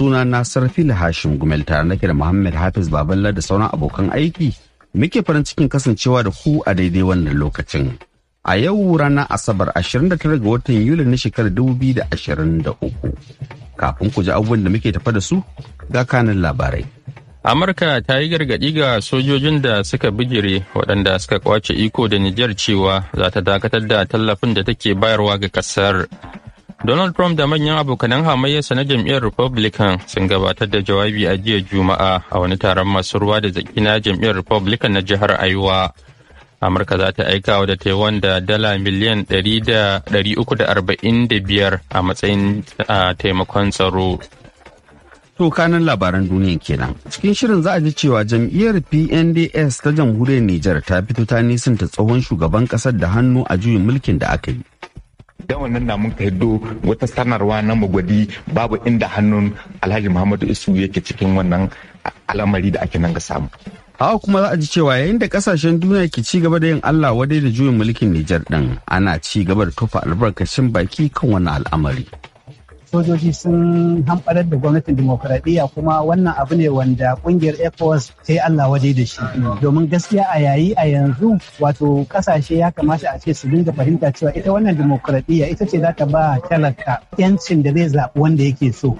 suna na sarfila hashim gumel tare nake da muhammad hafiz baballa da sauran abokan aiki muke farin cikin kasancewa da ku a daidai wannan lokacin a yau ranar asabar 29 ga watan yuli na shekarar 2023 kafin ku ji abubuwan da muke tafa da su ga kanin labarai amurka ta yi gargaɗi ga sojojin da suka bijire waɗanda suka kwace iko da nijar cewa za ta dakatar da tallafin da take bayarwa ga ƙasar Donald Trump da manyan abokanan hamayyarsa na jam'iyyar Republican sun gabatar da jawabi a jiya Juma'a a wani taron masu ruwa da zaki na jam'iyyar Republican na jihar Iowa. Amurka za ta aika wa da Taiwan da dala miliyan 345 a matsayin taimakon tsaro. Tokanan labaran duniya kenan. Cikin shirin za a ji cewa jam'iyyar PNDS ta jamhuriyar Nijar ta fito ta nisanta tsohon shugaban kasar da hannu a juyin mulkin da aka yi. da wannan na mun do wata sanarwa na magwadi babu inda hannun alhaji muhammadu isu yake cikin wannan al'amari da ake nan ga samu Hawa kuma za a ji cewa yayin da kasashen duniya ke ci gaba da yin Allah wadai da juyin mulkin Nijar ɗin ana ci gaba da tofa albarkacin baki kan wannan al'amari. sojoji sun hamɓarar da gwamnatin demokuraɗiyya kuma wannan abu ne wanda ƙungiyar force ta yi allah waje da shi domin gaskiya a yayi a yanzu wato ƙasashe ya kamata a ce su dinga fahimta cewa ita wannan demokuraɗiyya ita ce za ta ba talaka 'yancin da zai zaɓi wanda yake so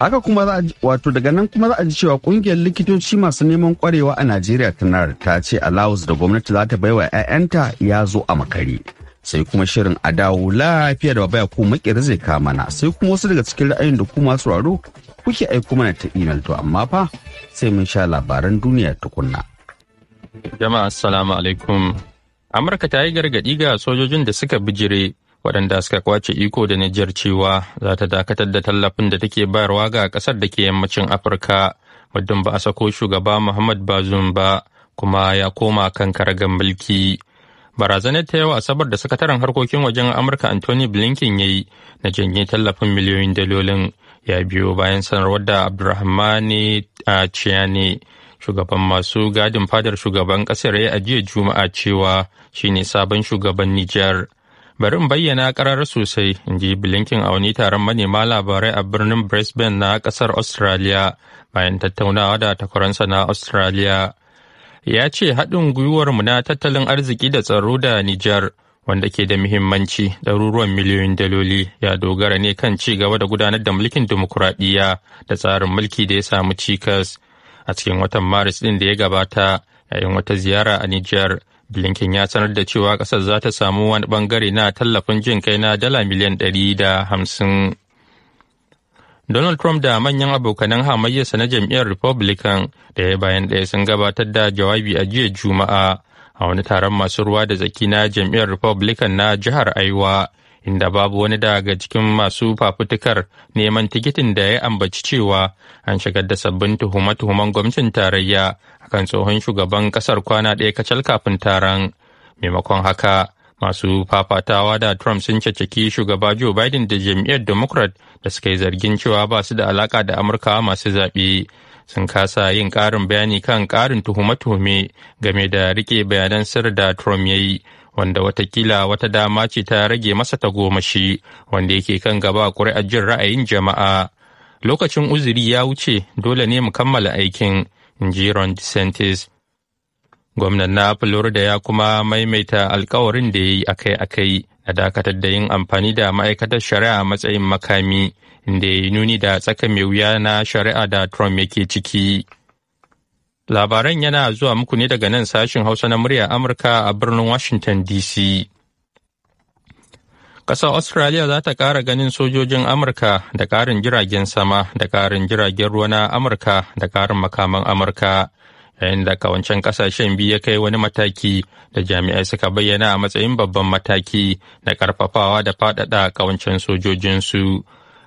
haka kuma za wato daga nan kuma za a ji cewa kungiyar likitoci masu neman kwarewa a najeriya ta ta ce alawus da gwamnati za ta baiwa 'ya'yanta ya zo a makare sai kuma shirin a dawo lafiya da baya ko makera zai kama na sai kuma wasu daga cikin ra'ayin da kuma masu kuke aiko mana ta imel to amma fa sai mun sha labaran duniya tukunna. jama'a assalamu alaikum amurka ta yi gargaɗi ga sojojin da suka bijire waɗanda suka kwace iko da nijar cewa za ta dakatar da tallafin da take bayarwa ga ƙasar da ke yammacin afirka muddin ba a sako shugaba muhammad bazum ba kuma ya koma kan karagar mulki barazanar ta yau asabar da sakataren harkokin wajen amurka anthony blinken ya yi na janye tallafin miliyoyin dalolin ya biyo bayan sanarwar da abdulrahmani a ciyane shugaban masu gadin fadar shugaban kasar ya ajiye juma'a cewa shine sabon shugaban nijar bari in bayyana karar sosai in ji blinken a wani taron manema labarai a birnin brisbane na kasar australia bayan tattaunawa da takwaransa na australia ya ce haɗin gwiwar mu na tattalin arziki da tsaro da Nijar wanda ke da muhimmanci ɗaruruwan miliyoyin daloli ya dogara ne kan ci gaba da gudanar da mulkin dimokuraɗiyya da tsarin mulki da ya samu cikas a cikin watan maris ɗin da ya gabata yayin wata ziyara a Nijar. Blinken ya sanar da cewa ƙasar za ta samu wani ɓangare na tallafin jin kai na dala miliyan ɗari da hamsin. Donald Trump da manyan abokanan hamayyarsa na jam'iyyar Republican ɗaya bayan ɗaya sun gabatar da jawabi a jiya Juma'a a wani taron masu ruwa da zaki na jam'iyyar Republican na jihar Aiwa, inda babu wani daga cikin masu fafutukar neman tikitin da ya ambaci cewa an shigar da sabbin tuhume-tuhumen gwamnatin tarayya akan tsohon shugaban kasar kwana ɗaya kacal kafin taron. Maimakon haka, Masu fafatawa da Trump sun caccaki shugaba Joe Biden da jam'iyyar Democrat da suka yi zargin cewa ba su da alaka da amurka masu zaɓe. Sun kasa yin ƙarin bayani kan ƙarin tuhume-tuhume game da rike bayanan sir da Trump ya yi, wanda watakila wata dama ce ta rage masa tagomashi wanda yake kan gaba ƙuri'ar jin ra'ayin jama'a. Lokacin uzuri ya wuce dole ne mu kammala aikin, in ji Ron DeSantis. Gwamnan na Florida ya kuma maimaita alkawarin da ya yi akai-akai na dakatar da yin amfani da ma'aikatar shari'a a matsayin makami, inda ya yi nuni da tsaka mai wuya na shari'a da Trump yake ciki. Labaran yana zuwa muku ne daga nan sashin Hausa na murya Amurka a birnin Washington DC. Ƙasar Australia za ta ƙara ganin sojojin Amurka da ƙarin jiragen sama da ƙarin jiragen ruwa na Amurka da ƙarin makaman Amurka. yayin da kawancen kasashen biyu ya kai wani mataki da jami'ai suka bayyana a matsayin babban mataki na karfafawa da faɗaɗa kawancen sojojinsu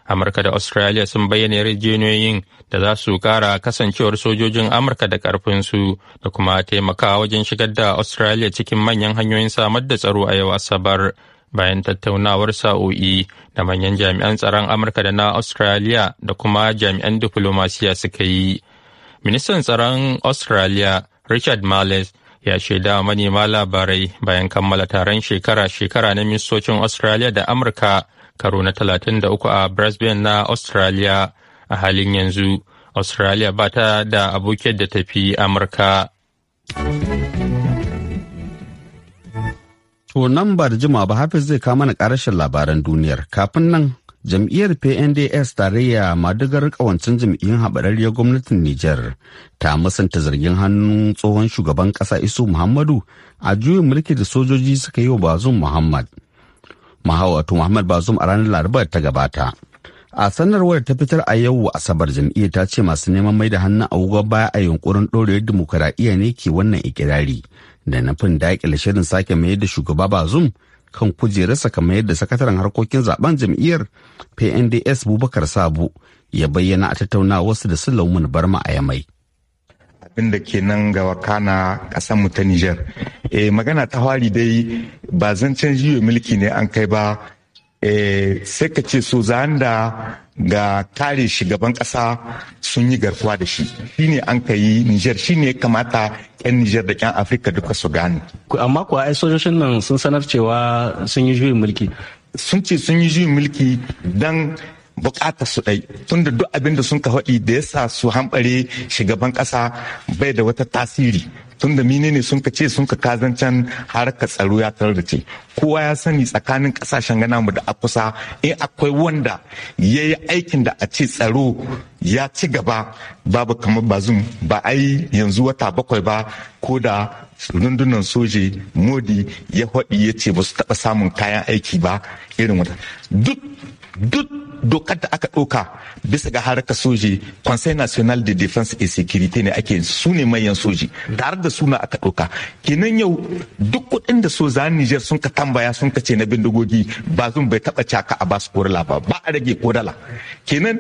amurka da australia sun bayyana yarjejeniyoyin da za su kara kasancewar sojojin amurka da karfinsu da kuma taimakawa wajen shigar da australia cikin manyan hanyoyin samar da tsaro a yau asabar bayan tattaunawar sa'o'i da manyan jami'an tsaron amurka da na australia da kuma jami'an diflomasiya suka yi Ministan tsaron Australia Richard Marles ya shaida manema labarai bayan kammala taron shekara-shekara na ministocin Australia da Amurka karo na 33 a Brisbane na Australia a halin yanzu. Australia ba ta da abokiyar da tafi Amurka. To nan ba da jima ba Hafiz zai kama na karashin labaran duniyar kafin nan jam'iyyar pnds tarayya madagar kawancin jam'iyyun haɓararriyar gwamnatin niger ta musanta zargin hannun tsohon shugaban ƙasa isu muhammadu a juyin mulki da sojoji suka yi wa bazum muhammad mahawatu muhammad bazum a ranar laraba ta gabata a sanarwar ta fitar a yau asabar jam'iyyar ta ce masu neman mai da hannun agogon baya a yunkurin ɗorewar dimokuraɗiyya ne ke wannan ikirari da nufin daƙile shirin sake mai da shugaba bazum kan kujerarsa kamar yadda sakataren harkokin zaben jam'iyyar pnds bubakar sabu ya bayyana a tattauna wasu da sulaiman barma a yamai abin da ke nan ga wakana mu ta niger e, magana ta hwari dai ba zancen jiyo mulki ne an kai ba Eh, sai ka ce su da ga kare shugaban kasa sun yi garkuwa da shi shine an ka yi nijar shi ya kamata 'yan nijar da 'yan afirka duka su gane amma kuwa ai sojojin nan sun sanar cewa sun yi juyin mulki sun ce sun yi juyin mulki don bukatar su ɗai tunda duk abin da sun ka faɗi da yasa su hambare shugaban ƙasa bai da wata tasiri tun da mine ne sun ka ce sun ka kazancan harkar tsaro ya tarar da ce kowa ya sani tsakanin kasashen gana mu da akusa in akwai wanda ya yi aikin da a ce tsaro ya ci gaba babu kamar bazum ba a yanzu wata bakwai ba ko da rundunan soje modi ya faɗi ya ce ba su taɓa samun kayan aiki ba irin wata duk duk dokar da aka ɗauka bisa ga harkar soji conseil national de defense et sécurité ne ake su ne manyan soji tare da suna aka ɗauka kenan yau duk kuɗin da soja niger sun ka tambaya sun ka ce na bindigogi ba zun bai taɓa caka a basu korala ba ba a rage korala kenan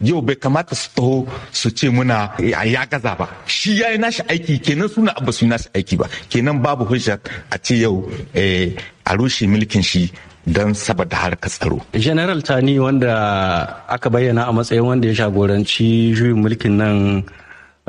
yau bai kamata su taho su ce muna ya gaza ba shi ya yi nashi aiki kenan suna abu su nashi aiki ba kenan babu hujja a ce yau eh, a rushe mulkin shi don saboda harkar tsaro. General Tani wanda aka bayyana a matsayin wanda ya shagoranci juyin mulkin nan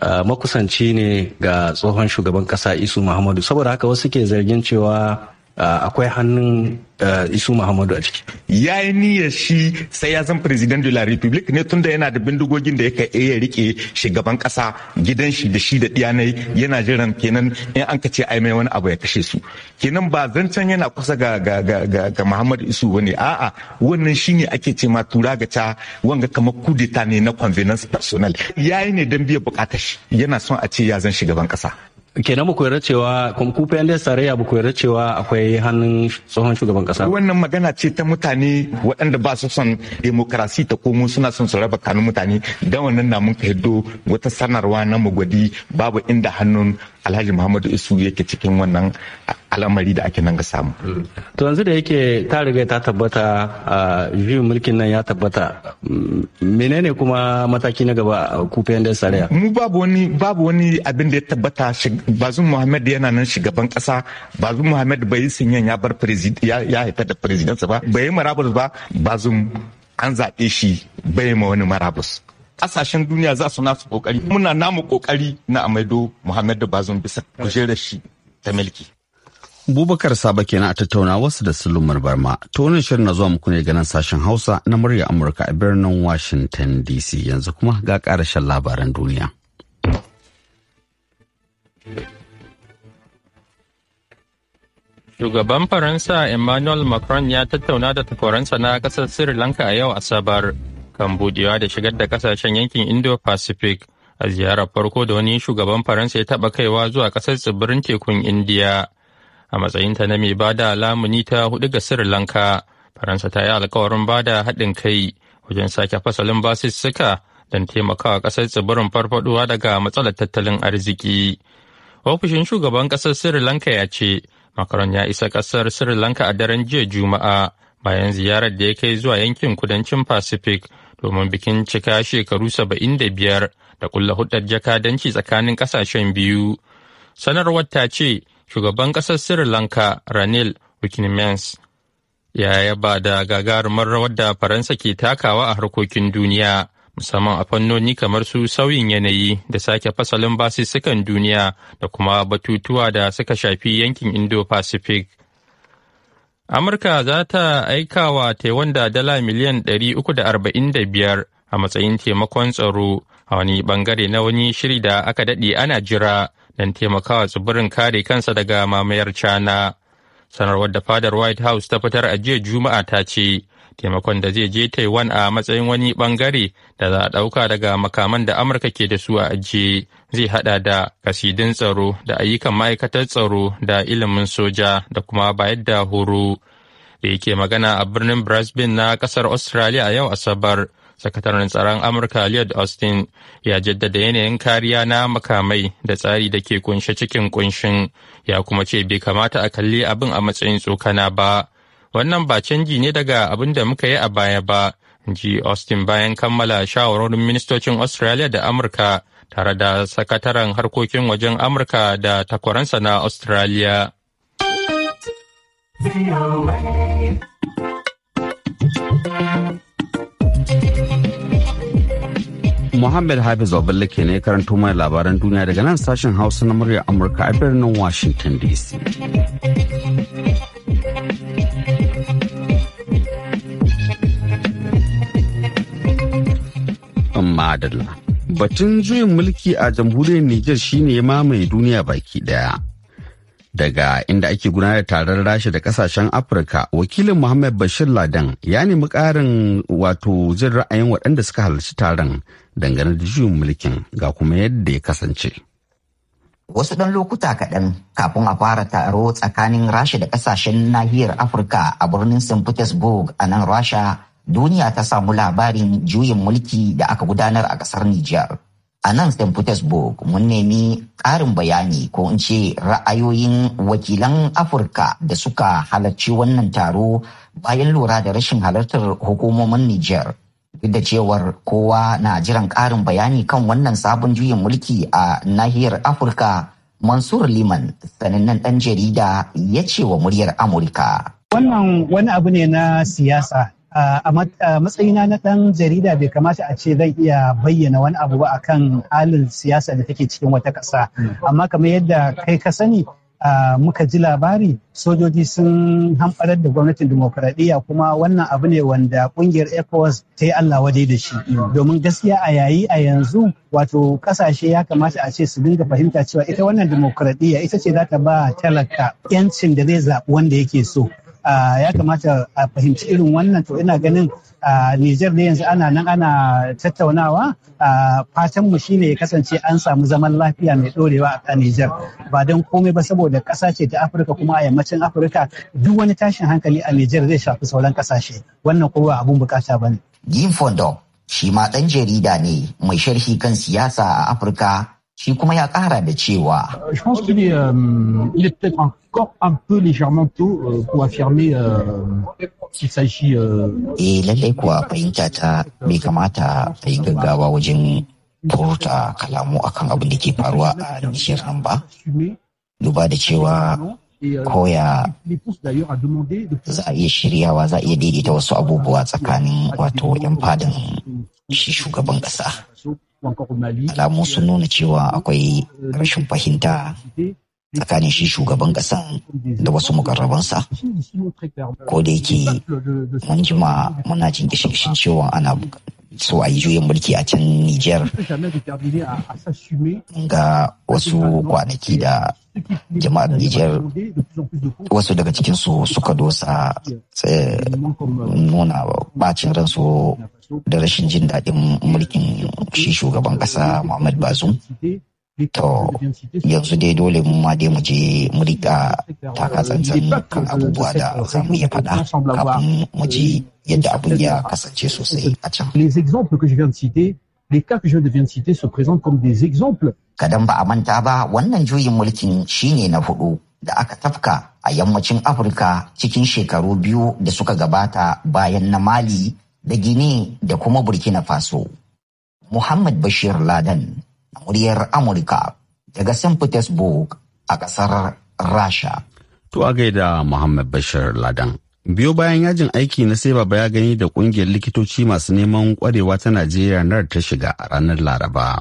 makusanci ne ga tsohon shugaban ƙasa Isu Muhammadu saboda haka wasu ke zargin cewa Ah, akwai hannun ah, isu muhammadu a ciki ya yi niyyar shi sai ya zan president de la republic ne tunda yana da bindigogin da yake iya rike shugaban kasa gidan shi da shi da diyanai yana jiran kenan in an kace ai mai wani abu ya kashe su kenan ba zancen yana kusa ga ga ga ga, muhammadu isu bane a'a wannan shine ake ce ma tura ga ta wanga kamar kudeta ne na convenience personnel yayi ne dan biya bukatar shi yana son a ce ya zan shugaban kasa kenan ba koyar cewa kuma ku PNDS tarayya ba ku cewa akwai hannun tsohon shugaban kasa wannan magana ce ta mutane waɗanda ba su son demokrasi ta komo suna son su raba kanun mutane dan wannan na mun hiddo wata sanarwa na mugwadi babu inda hannun alhaji muhammadu isu yake cikin wannan al'amari da ake nan ga samu. to yanzu da yake ta riga ta tabbata a juyin mulkin nan ya tabbata menene kuma mataki na gaba a kufayen da saraya. mu babu wani babu wani abin da ya tabbata bazum muhammad yana nan shugaban kasa bazum muhammad bai yi sinyan ya bar ya haifar da firizidansa ba bai yi marabus ba bazum an zaɓe shi bai ma wani marabus kasashen duniya za su nasu kokari muna namu kokari na amaido muhammadu bazum bisa kujerar shi ta milki Bubakar Saba kenan a tattauna wasu da Sulumar Barma. Ta wannan shirin na zuwa muku ne ganin sashen Hausa na murya Amurka a birnin Washington DC yanzu kuma ga karashen labaran duniya. Shugaban Faransa Emmanuel Macron ya tattauna da takwaransa na kasar Sri Lanka a yau Asabar. Kambodiya da shigar da kasashen yankin indo-pacific a ziyarar farko da wani shugaban faransa ya taɓa kaiwa zuwa ƙasar tsibirin tekun indiya a matsayinta na mai bada lamuni ta hudu ga sri lanka faransa ta yi alkawarin bada haɗin kai wajen sake fasalin basussuka don taimakawa ƙasar tsibirin farfaɗuwa daga matsalar tattalin arziki ofishin shugaban ƙasar sri lanka ya ce makaron ya isa ƙasar sri lanka a daren jiya juma'a bayan ziyarar da ya kai zuwa yankin kudancin pacific domin bikin cika shekaru saba'in da biyar da kulla hudar jakadanci tsakanin kasashen biyu. Sanarwar ta ce shugaban ƙasar Sri Lanka Ranil Wickinmans ya yaba da gagarumar rawar da Faransa ke takawa a harkokin duniya. musamman a fannoni kamar su sauyin yanayi da sake fasalin basussukan duniya da kuma batutuwa da suka shafi yankin indo-pacific Amurka za ta aika wa Taiwan da dala miliyan 345 a matsayin taimakon tsaro a wani bangare na wani shiri da aka daɗe ana jira don taimakawa tsibirin kare kansa daga mamayar cana. Sanarwar da fadar White House ta fitar a jiya Juma'a ta ce, taimakon da zai je taiwan a matsayin wani bangare da za a ɗauka daga makaman da amurka ke da su a ajiye zai hada da kasidin tsaro da ayyukan ma'aikatar tsaro da ilimin soja da kuma bayar da horo da yake magana a birnin brisbane na ƙasar australia a yau asabar sakataren tsaron amurka lloyd austin ya jaddada yanayin kariya na makamai da tsari da ke kunshe cikin kunshin ya kuma ce bai kamata a kalli abin a matsayin tsokana ba wannan ba canji ne daga abin da muka yi a baya ba in ji austin bayan kammala shawarorin ministocin australia da amurka tare da sakataren harkokin wajen amurka da takwaransa na australia Muhammad Hafiz Oballe ke ne karanto mai labaran duniya daga nan sashen Hausa na murya Amurka a birnin Washington DC. Batun juyin mulki a jamhuriyar Nijar shine ya mamaye duniya baki daya. Daga inda ake gudanar taron rasha da kasashen Afirka, wakilin Muhammad Bashir Ladan ya nemi ƙarin wato jin ra'ayin waɗanda suka halarci taron dangane da juyin mulkin ga kuma yadda ya kasance. wasu ɗan lokuta kaɗan kafin a fara taro tsakanin rasha da ƙasashen nahiyar afirka a birnin st petersburg a nan rasha duniya ta samu labarin juyin mulki da aka gudanar a ƙasar Nijar. A nan St. Petersburg mun nemi ƙarin bayani ko in ce ra'ayoyin wakilan Afirka da suka halarci wannan taro bayan lura da rashin halartar hukumomin Nijar. Duk da cewar kowa na jiran ƙarin bayani kan wannan sabon juyin mulki a nahiyar Afirka, Mansur Liman, sanannen ɗan jarida ya ce wa muryar Amurka. Wannan wani abu ne na siyasa a matsayina na ɗan jarida bai kamata a ce zan iya bayyana wani abu ba akan halin siyasa da take cikin wata ƙasa hmm. amma kamar yadda kai ka sani muka ji labari sojoji sun hamɓarar da gwamnatin demokuraɗiyya kuma wannan abu ne wanda ƙungiyar ecowas ta yi allah wadai da shi hmm. domin gaskiya a yayi a yanzu wato ƙasashe ya kamata a ce su dinga fahimta cewa ita wannan demokuraɗiyya ita ce za ta ba talaka 'yancin da zai zaɓi wanda yake so ya kamata a fahimci irin wannan to ina ganin Nijar ne yanzu ana nan ana tattaunawa fatan mu shine ya kasance an samu zaman lafiya mai ɗorewa a Nijar ba don komai ba saboda ƙasa ce ta Afirka kuma a yammacin Afirka duk wani tashin hankali a Nijar zai shafi sauran ƙasashe wannan kowa abun bukata bane. Jim Fondo shi ma ɗan jarida ne mai sharhi kan siyasa a Afirka shi kuma ya kara da cewa E, lallai kuwa fahimta ta bai kamata a yi gaggawa wajen furta kalamu akan abin da ke faruwa a Nishir nan ba. Duba da cewa koya za a iya shiryawa za a iya daidaita wasu abubuwa tsakanin wato 'yan fadin shi shugaban ƙasa. Alamun sun nuna cewa akwai rashin fahimta tsakanin shi shugaban ƙasan da wasu mukarrabansa ko da yake mun jima muna jin kishin cewa ana so a yi juyin mulki a can Nijar ga wasu kwanaki da jama'ar Nijar wasu daga cikinsu suka dosa eh, nuna bacin ransu da rashin jin daɗin mulkin shi shugaban ƙasa Muhammad Bazoum. To yanzu dai dole mu ma dai mu je mu riƙa taka tsantsan kan abubuwa da za mu iya faɗa kafin mu ji yadda abun ya kasance sosai a can. les cas que je viens de citer se présentent comme des exemples. Kadan ba a manta ba wannan juyin mulkin shi ne na hudu da aka tafka a yammacin Afirka cikin shekaru biyu da suka gabata bayan na Mali da Gini da kuma Burkina Faso. Muhammad Bashir Laden, muryar Amurka daga St. Petersburg a ƙasar Rasha. To a gaida Muhammad Bashir Laden. Biyo bayan yajin aiki na sai baba ya gani da kungiyar likitoci masu neman kwarewa ta Najeriya nar ta shiga a ranar Laraba.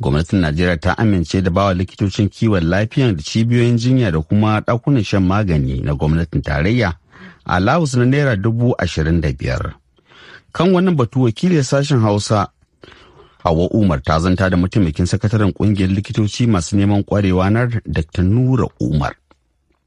Gwamnatin Najeriya ta amince da bawa likitocin kiwon lafiya da cibiyoyin jinya da kuma ɗakunan shan magani na gwamnatin tarayya a lawus na Naira dubu ashirin da biyar. kan wannan batu wakilin sashen hausa hawa umar ta zanta da mataimakin sakataren kungiyar likitoci masu neman kwarewa na dr nura umar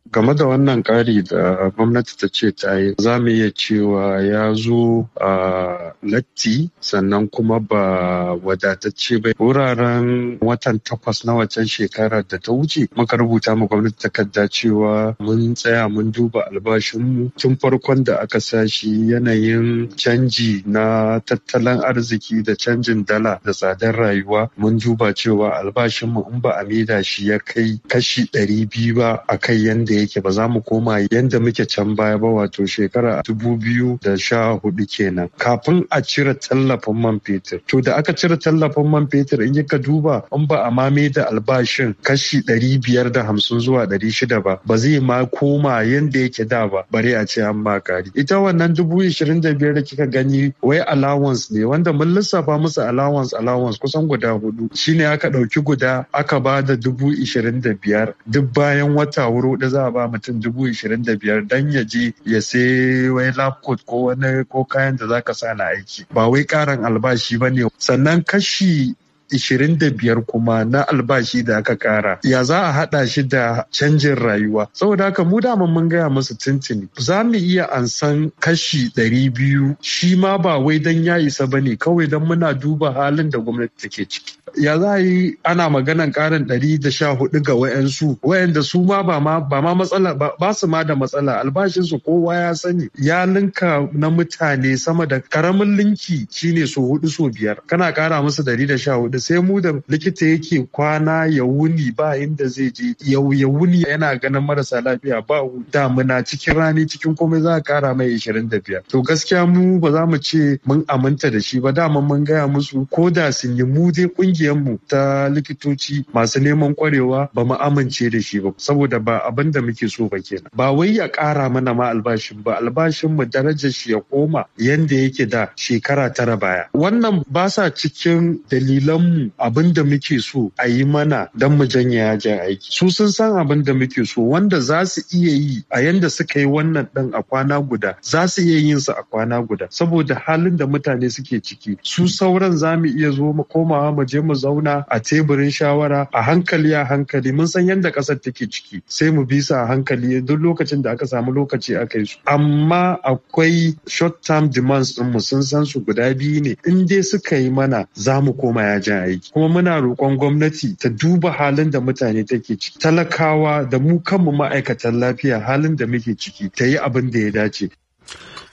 Game da wannan ƙari da gwamnati ta ce ta yi, za mu iya cewa ya zo a latti sannan kuma ba wadatacce ba. Wuraren watan takwas na wacan shekarar da ta wuce, muka rubuta ma gwamnati takarda cewa mun tsaya mun duba albashinmu tun farkon da aka sa shi, yanayin canji na tattalin arziki da canjin dala da tsadar rayuwa mun duba cewa albashinmu in ba a shi ya kai kashi ɗari biyu ba a kai yanda da yake ba za mu koma yadda muke can baya ba wato shekara dubu biyu da sha hudu kenan kafin a cire tallafin man fetur to da aka cire tallafin man fetur in ka duba in ba a mame da albashin kashi ɗari biyar da hamsin zuwa ɗari shida ba ba zai ma koma yanda yake da ba bari a ce an ma kari ita wannan dubu ishirin da biyar da kika gani wai allowance ne wanda mun lissafa musu allowance allowance kusan guda hudu shine aka ɗauki guda aka ba da dubu ishirin da biyar duk bayan wata wuro da za za a ba mutum dubu ishirin da biyar dan ya je ya sai wani laptop ko wani ko kayan da zaka sa na aiki ba wai karin albashi ba ne sannan kashi ishirin da biyar kuma na albashi da aka kara ya za a hada shi da canjin rayuwa saboda haka mu da mun gaya musu tintini za mu iya ansan kashi biyu. shi ma ba wai dan ya isa ba ne. kawai dan muna duba halin da gwamnati take ciki ya za yi ana maganan karin 114 ga wayansu wayanda su ma ba ma matsala ba su ma da matsala albashinsu kowa ya sani ya linka na mutane sama da karamin linki shine so hudu so biyar kana kara musu 114 sai mu da likita yake kwana ya wuni ba inda zai je yau ya wuni yana ganin marasa lafiya ba damuna cikin rani cikin komai za a kara mai 25 to gaskiya mu ba za mu ce mun aminta da shi ba dama mun gaya musu ko da sun yi mu dai kungiya mu ta likitoci masu neman kwarewa ba mu amince da shi ba saboda ba abin da muke so ba kenan ba wai ya kara mana ma albashin ba albashin mu darajar shi ya koma yanda yake da shekara tara baya wannan ba sa cikin dalilan mu abin da muke so a yi mana don mu janye yajin aiki su sun san abin da muke so wanda za su iya yi a yanda suka yi wannan dan a kwana guda za su iya yin su a kwana guda saboda halin da mutane suke ciki su sauran za mu iya zo mu komawa mu je mu zauna a teburin shawara a hankali a hankali mun san yadda ƙasar take ciki sai mu bi su a hankali duk lokacin da aka samu lokaci aka yi su amma akwai short term demands din mu sun san su guda biyu ne in dai suka yi mana za mu koma yajin aiki kuma muna roƙon gwamnati ta duba halin da mutane take ciki talakawa da mu kanmu ma'aikatan lafiya halin da muke ciki ta yi abin da ya dace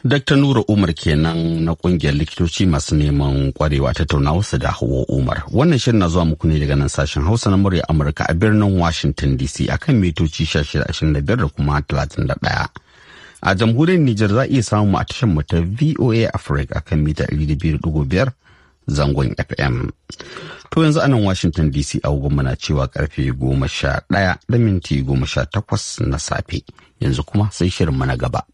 Dr. Nura Umar kenan na kungiyar likitoci masu neman kwarewa wasu da hawa Umar. Wannan shirin na zuwa muku ne daga nan sashen Hausa na murya Amurka a birnin Washington DC akan mitoci 1625 da kuma 31. A jamhuriyar Nijar za a iya samu a tashar mu VOA Africa akan mita 200.5 zangon FM. To yanzu anan Washington DC a muna cewa karfe 11 da minti 18 na safe. Yanzu kuma sai shirin mana gaba.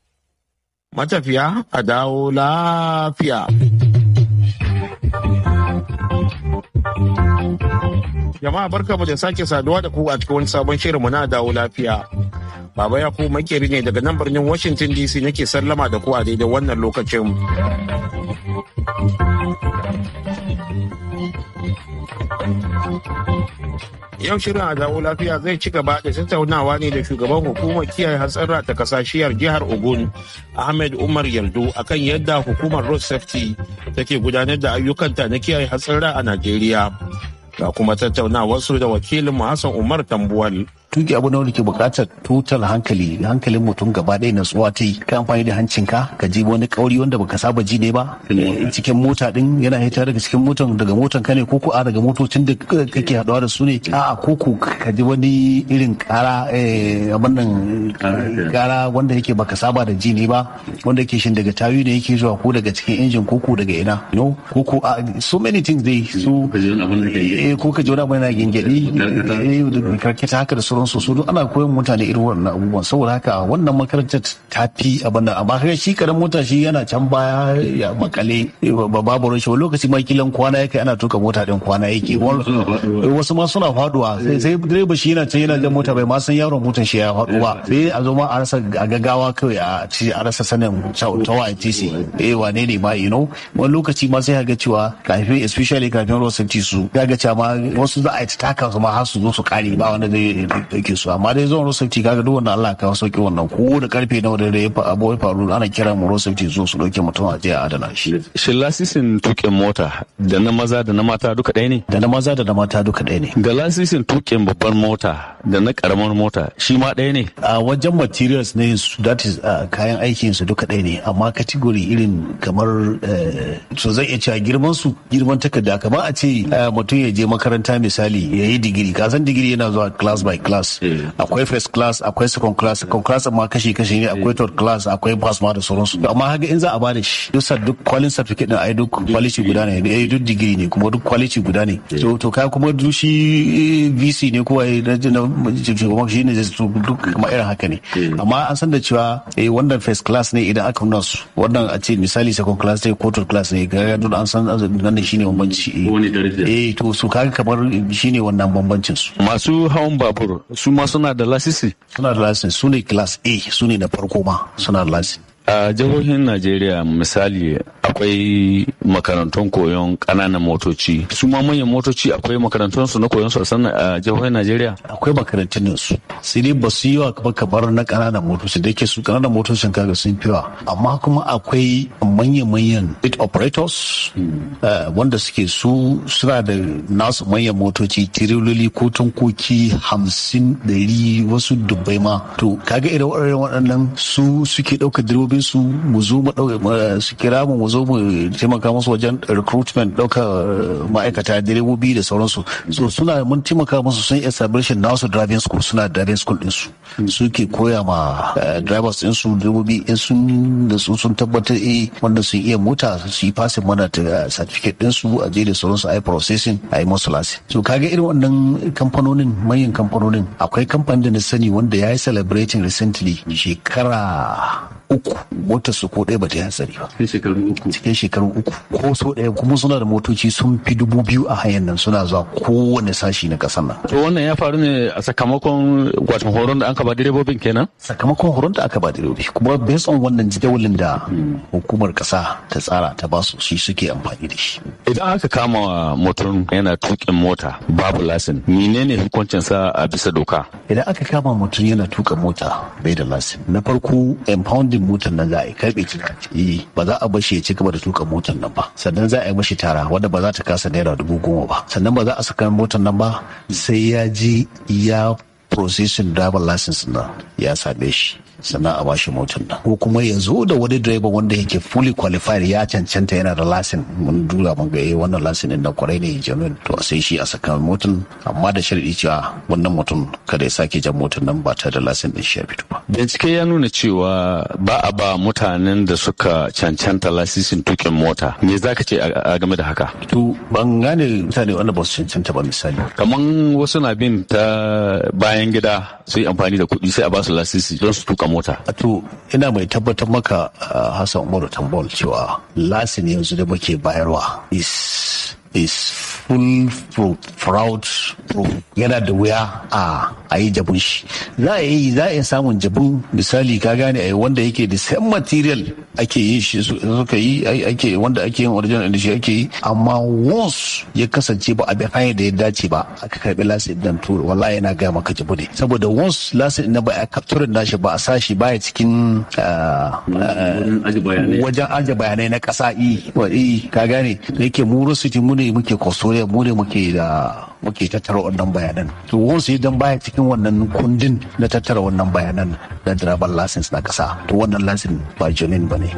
matafiya a dawo lafiya. Jama'a barka mu da sake saduwa da ku a cikin wani sabon mu na dawo lafiya. Baba ya ku makeri ne daga nan birnin Washington DC nake sallama da ku a daidai wannan lokacin. Yau shirin a dawo lafiya zai ci gaba da tattaunawa ne da shugaban hukumar kiyaye hatsarra ta kasashiyar jihar Ogun Ahmed Umar Yardo akan yadda hukumar Road Safety take gudanar da ayyukanta na kiyaye hatsarra a Najeriya. Ga kuma tattaunawar su da wakilin Hassan Umar Tambuwal. tuki abu na wanda ke bukatar tutar hankali hankalin mutum gaba ɗaya natsuwa ta yi ka amfani da hancinka ka ji wani kauri wanda baka saba ji ne ba eh, cikin mota din yana hita daga cikin motan daga motan ka ne ko ko a daga motocin da kake haɗuwa da su ne a'a ko ko ka ji wani irin kara eh, abin nan kara wanda yake baka saba da ji ne ba wanda yake shin daga tayu ne yake zuwa ko daga cikin injin ko ko daga ina no ko ko ah, so many things dai su ko ka ji wani abin na gingedi ta haka da su sauransu su duk ana koyon mutane irin wannan abubuwan saboda haka wannan makarantar ta fi abin amma kaga shi karen mota shi yana can baya ya makale babu shi lokaci ma kilan kwana yake ana tuka mota din kwana yake wasu ma suna faduwa sai direba shi yana can yana da mota bai ma san yaron motar shi ya faɗu ba eh. sai a zo ma a rasa a gaggawa kawai a ci a rasa sanin tawa ITC eh wane ne ma you know wani lokaci ma sai ga cewa kafin especially kafin ruwan sun ci su ga cewa wasu za a yi taka su ma har su zo su kare ba wanda zai dauke su amma dai zuwan rosafti kaga duk wanda Allah ka sauki wannan ko da karfe na wadda ya abu ya faru ana kira mu rosafti zuwa su dauke mutum a jiya adana shi shin lasisin tukin mota da na maza da na mata duka ɗaya ne da na maza da na mata duka ɗaya ne da lasisin tukin babbar mota da na karamar mota shi ma ɗaya ne a wajen materials ne su that is kayan aikin su duka ɗaya ne amma category irin kamar eh, so zai iya cewa girman su girman takarda kamar a ce eh, mutum ya je makaranta misali ya yi digiri kasan digiri yana zuwa class by class class eh. akwai first class akwai second class second class amma kashi kashi ne akwai eh. third class akwai bus ma da sauransu amma haka in za a bada shi duk duk kwalin certificate din ai duk quality guda ne eh duk digiri ne kuma duk quality guda ne eh. to to kai kuma duk shi VC ne ko ai na shugaban shi ne duk kuma irin haka ne amma an san da cewa eh wannan first class ne idan aka nuna su wannan a ce misali second class ne ko third class ne ga duk an san nan shine bambanci eh to su kaga kamar ne wannan bambancin su masu hawan babur su ma suna da lasisi suna da lasisi su ne class a su ne na farko ma suna da lasisi a jihohin najeriya misali akwai makarantun koyon ƙananan motoci su ma manyan motoci akwai makarantun su na koyon su a jihohin najeriya akwai makarantun su sai dai ba su yi wa kamar na ƙananan motoci da yake su ƙananan motocin kaga sun fiwa amma kuma akwai manya-manyan bit operators hmm. eh, wanda suke su suna da nasu manyan motoci tiriloli ko tunkoki hamsin ɗari wasu dubbai ma to kaga irin waɗannan su suke ɗaukar direbobin su mu zo mu eh, su kira mu mu zo mu taimaka musu wajen recruitment ɗaukar eh, ma'aikata direbobi da sauransu so suna mun taimaka musu sun establishing nasu driving school suna driving school ɗinsu hmm. suke koya ma eh, drivers ɗinsu direbobi in sun da su sun tabbatar eh wanda sun iya mota su yi passing mana eh, certificate ɗinsu a je da sauransu a yi processing a yi musu lasi so kaga irin wannan kamfanonin manyan kamfanonin akwai kamfanin da na sani wanda ya yi celebrating recently shekara uku motar su ko ɗaya ba ta yi hatsari ba cikin shekaru uku ko so ɗaya kuma suna da motoci sun fi dubu biyu a hanyar nan suna zuwa kowane sashi na ƙasar nan to wannan ya faru ne a sakamakon wato horon da aka ba direbobin kenan sakamakon horon da aka ba direbobi kuma based on wannan jadawalin da hmm. hukumar ƙasa ta tsara ta ba su shi suke amfani da shi idan aka kama motar yana tukin mota babu lasin menene sa a bisa doka idan aka kama mutum yana tuka mota bai da lasin na farko impounding motar nan za a yi karbe ki eh, ba za a bashi ya ci gaba da tuka motar nan ba sannan za a yi mashi tara wanda ba za ta kasa naira dubu goma ba sannan ba za a saka motar nan ba sai ya ji ya procession driver license na ya same shi sannan a bashi motar da ko kuma yanzu da wani direba wanda yake fully qualified ya cancanta yana da lasin mun dura mun ga eh wannan lasin din na kwarai ne genuine to sai shi a saka motar amma da sharadi cewa wannan mutum kada ya sake jan motar nan ba tare da lasin din shi ya fito ba bincike ya nuna cewa ba a ba mutanen da suka cancanta lasisin tukin mota me zaka ce a game da haka to ban gane mutane wanda ba su cancanta ba misali kaman wasu na bin ta bayan gida sai amfani da kuɗi sai a ba su lasisi don su tuka tuka mota to ina mai tabbatar maka uh, hassan umaru tambol cewa lasin yanzu da muke bayarwa is is full fraud yana da wuya a yi jabun shi za a yi za a samun jabu misali ka gane a eh, wanda yake da same material ake yi shi suka yi ake wanda ake yin original da shi ake yi amma once ya kasance ba abin hanyar da ya dace ba aka karbi lasin dan tura wallahi yana gaya maka jabu ne saboda once lasin na ba a capture shi ba a sashi ya cikin ah, ah, wajen aje bayanai na kasa i ka gane da yake mu rusuti mu ne muke kwaso ne mu ne muke da muke tattara wannan bayanan to sai dan baya cikin wannan kundin na tattara wannan bayanan da driver license na kasa to wannan license ba jinin ba ne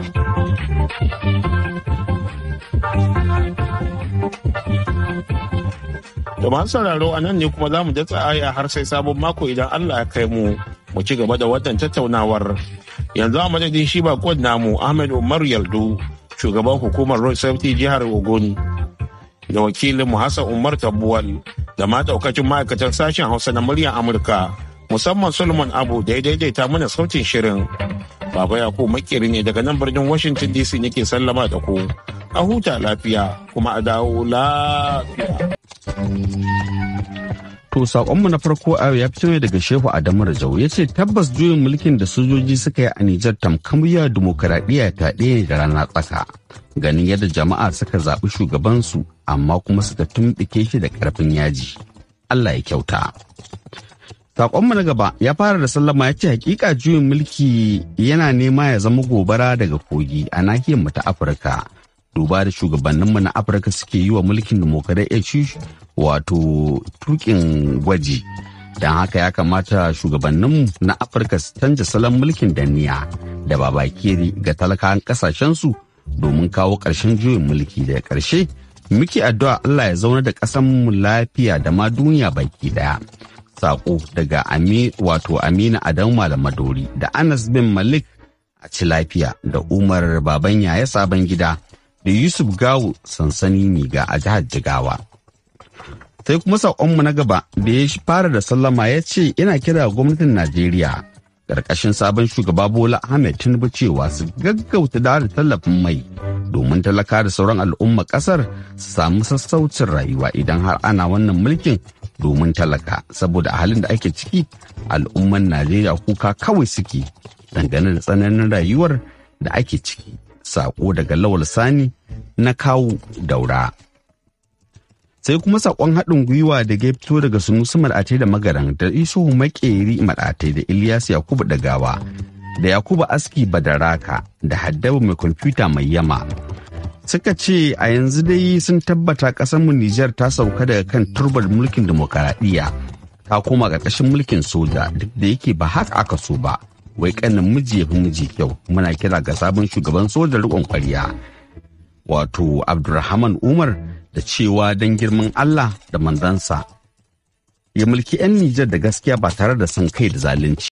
da masu sauraro a nan ne kuma za mu datsa aya har sai sabon mako idan Allah ya kai mu mu ci gaba da wannan tattaunawar yanzu a madadin shi bakon namu ahmed umar yaldu shugaban hukumar road safety jihar ogun da wakilin mu Hassan Umar Tabuwal da ma daukacin ma'aikatan sashen Hausa na muryar Amurka musamman Solomon Abu da ya daidaita mana sautin shirin. Baba Yakubu makeri ne daga nan birnin Washington DC nake sallama da ku. A huta lafiya kuma a dawo lafiya. To saƙonmu na farko a ya fito ne daga Shehu Adamu Rajau ya ce tabbas juyin mulkin da sojoji suka yi a Nijar tamkamiyar dimokuraɗiyya ta ɗaya da rana ƙasa. ganin yadda jama'a suka zaɓi shugabansu amma kuma suka tumɓuke shi da ƙarfin yaji. Allah ya kyauta. Saƙonmu na gaba ya fara da sallama ya ce hakika juyin mulki yana nema ya zama gobara daga kogi a nahiyar mu ta Afirka. Duba da shugabanninmu na Afirka suke yi wa mulkin dimokuraɗiyya shi wato tukin gwaji. Don haka ya kamata shugabanninmu na Afirka su canza salon mulkin danniya da babakiri ga talakawan ƙasashensu domin kawo ƙarshen juyin mulki daga ƙarshe muke addu'a Allah ya zauna da mu lafiya da ma duniya baki daya. Sako daga wato Amina Adamu Malam Madori da Anas bin Malik a ci lafiya da Umar Baban Yaya Sabon Gida da Yusuf Gawu sansani ga a jihar Jigawa. Sai kuma saƙonmu na gaba da ya fara da sallama ya ce ina kira gwamnatin Najeriya ƙarƙashin sabon shugaba Bola Ahmed Tinubu cewa su gaggauta da tallafin mai domin talaka da sauran al'umma ƙasar su samu sassaucin rayuwa idan har ana wannan mulkin domin talaka saboda a halin da ake ciki al'umman Najeriya kuka kawai suke dangane da tsananin rayuwar da ake ciki. Sako daga Lawal Sani na kawo daura. sai kuma saƙon haɗin gwiwa da ya fito daga sunusu maɗate da magaran da isuhu makeri maɗatai da ilyas yakubu dagawa da yakubu aski badaraka da haddaba mai kwamfuta mai yama suka ce a yanzu dai sun tabbata mu nijar ta sauka daga kan turbar mulkin dimokuraɗiyya ta koma ƙarƙashin mulkin soja duk da yake ba haka aka so ba wai kanin miji ya fi miji kyau muna kira ga sabon shugaban soja riƙon kwarya wato abdulrahman umar da cewa don girman Allah da manzansa ya mulki 'yan Nijar da gaskiya ba tare da san kai da zalunci.